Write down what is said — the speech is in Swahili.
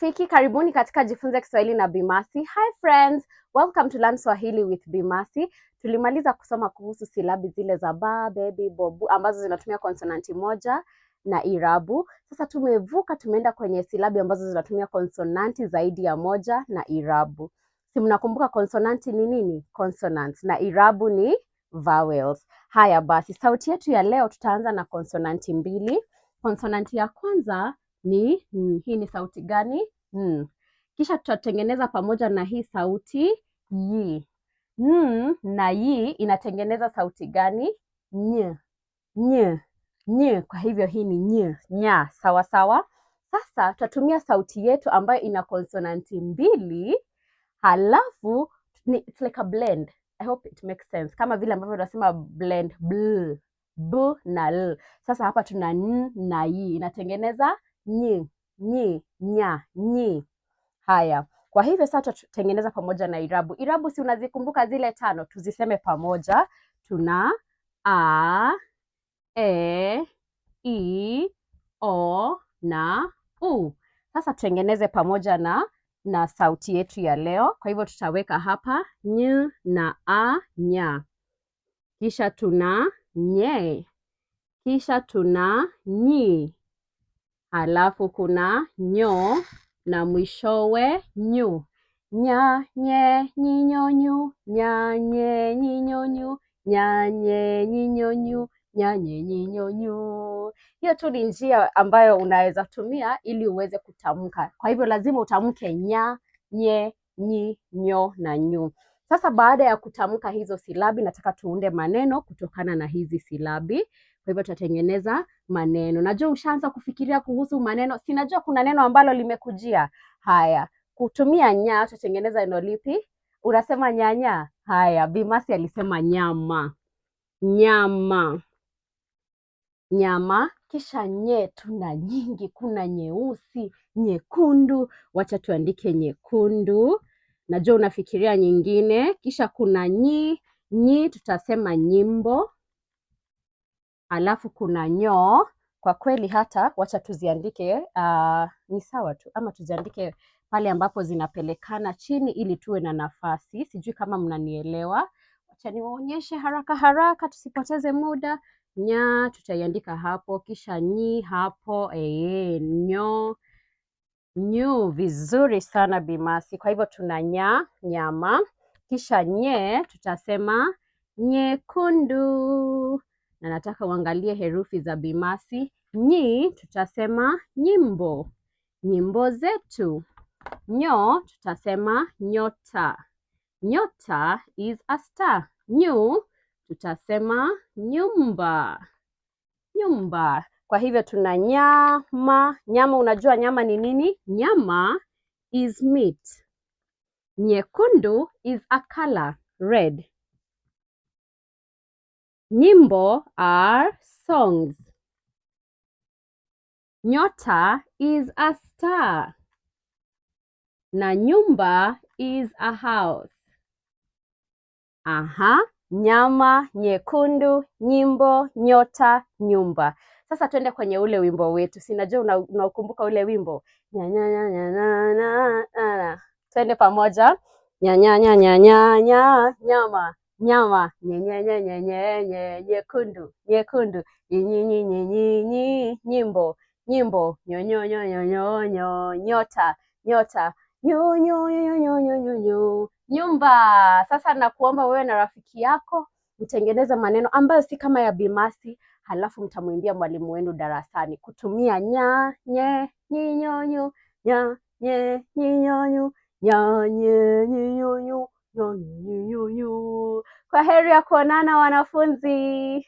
Fiki, karibuni katika Jifunze Kiswahili na Bimasi. Hi friends, welcome to Learn Swahili with Bimasi. Tulimaliza kusoma kuhusu silabi zile za ba, bebi, bobu ambazo zinatumia konsonanti moja na irabu. Sasa tumevuka, tumeenda kwenye silabi ambazo zinatumia konsonanti zaidi ya moja na irabu. Si mnakumbuka konsonanti ni nini? Consonant na irabu ni vowels. Haya basi, sauti yetu ya leo tutaanza na konsonanti mbili. Konsonanti ya kwanza ni mm. Hii ni sauti gani? Mm. Kisha tutatengeneza pamoja na hii sauti yi. mm, na yi inatengeneza sauti gani? Ny, ny, ny. Kwa hivyo hii ni ny, nya. Sawa sawa. Sasa tutatumia sauti yetu ambayo ina konsonanti mbili, halafu ni it's like a blend. I hope it makes sense, kama vile ambavyo tunasema blend, bl, b na l. Sasa hapa tuna n na yi inatengeneza ni, ni, nya, ni. Haya, kwa hivyo sasa tutatengeneza pamoja na irabu. Irabu si unazikumbuka zile tano, tuziseme pamoja. Tuna a, e, i, o na u. Sasa tutengeneze pamoja na na sauti yetu ya leo. Kwa hivyo tutaweka hapa ny na a nya, kisha tuna nye, kisha tuna nyi Halafu kuna nyoo na mwishowe nyu. Nya, nye, nyi, nyu. Nya, nye, nyi, nyu. Nya, nye, nyi, nyu. Nya, nye, nyi, nyu. Hiyo tu ni njia ambayo unaweza tumia ili uweze kutamka. Kwa hivyo lazima utamke nya, nye, nyi, nyo na nyu. Sasa baada ya kutamka hizo silabi, nataka tuunde maneno kutokana na hizi silabi. Kwa hivyo tutatengeneza maneno. Najua ushaanza kufikiria kuhusu maneno, sinajua kuna neno ambalo limekujia. Haya, kutumia nya, tutatengeneza neno lipi? Unasema nyanya? Haya, Bimasi alisema nyama, nyama, nyama. Kisha nye, tuna nyingi, kuna nyeusi, nyekundu. Wacha tuandike nyekundu. Najua unafikiria nyingine. Kisha kuna nyi, nyi tutasema nyimbo alafu kuna nyoo. Kwa kweli hata wacha tuziandike, uh, ni sawa tu ama tuziandike pale ambapo zinapelekana chini ili tuwe na nafasi. Sijui kama mnanielewa, wacha niwaonyeshe haraka haraka tusipoteze muda. Nya tutaiandika hapo, kisha nyi hapo, ee, nyo nyu. Vizuri sana Bimasi. Kwa hivyo tuna nya nyama, kisha nye tutasema nyekundu na nataka uangalie herufi za bimasi nyi. Tutasema nyimbo, nyimbo zetu. Nyo tutasema nyota, nyota is a star. Nyu tutasema nyumba, nyumba. Kwa hivyo tuna nyama, nyama. Unajua nyama ni nini? Nyama is meat. Nyekundu is a color, red. Nyimbo are songs. Nyota is a star. Na nyumba is a house. Aha, nyama, nyekundu, nyimbo, nyota, nyumba. Sasa tuende kwenye ule wimbo wetu. Sinajua unaukumbuka ule wimbo. Tuende pamoja. Nyanya nyanya nyanya nyama nyama nyenye nyenye nyenye nyekundu nyekundu nyinyi nyinyi nyinyi nyimbo nyimbo nyonyo nyonyo nyonyo nyota nyota nyu nyu nyu nyu nyumba. Sasa nakuomba wewe na rafiki yako mtengeneze maneno ambayo si kama ya Bimasi, halafu mtamwimbia mwalimu wenu darasani kutumia nya nye nyinyonyo nya nye nyinyonyo nya nye nyinyonyo nya nye nyinyonyu kwa heri ya kuonana wanafunzi.